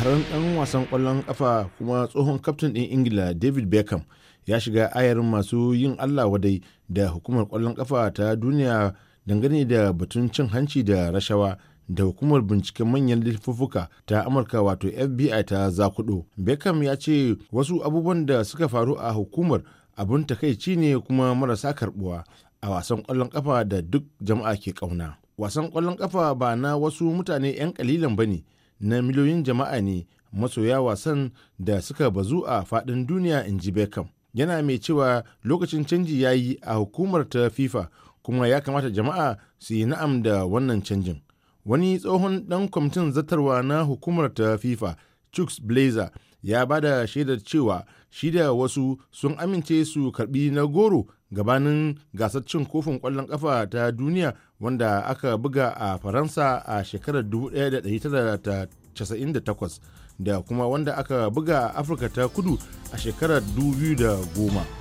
shahararren ɗan wasan ƙwallon ƙafa kuma tsohon kaftin ɗin ingila david beckham ya shiga ayarin masu yin allah wadai da hukumar ƙwallon ƙafa ta duniya dangane da batun cin hanci da rashawa da hukumar binciken manyan laifuka ta amurka wato fbi ta zakudo beckham ya ce wasu abubuwan da suka faru a hukumar abun takaici ne kuma marasa karbuwa a wasan kwallon ƙafa da duk jama'a ke ƙauna. wasan ƙwallon ƙafa ba na wasu mutane 'yan kalilan ba ne na miliyoyin jama'a ne masoya wasan da suka bazu a faɗin duniya in ji Beckham. Yana mai cewa lokacin canji ya yi a hukumar ta FIFA kuma ya kamata jama'a su yi na'am da wannan canjin. Wani tsohon dan kwamitin zartarwa na hukumar ta FIFA, Chuks Blazer, ya ba da shaidar cewa shi da wasu sun amince su karbi na goro gabanin gasar cin kofin kwallon kafa ta duniya wanda aka buga a faransa a shekarar 1998 da kuma wanda aka buga a afirka ta kudu a shekarar 2010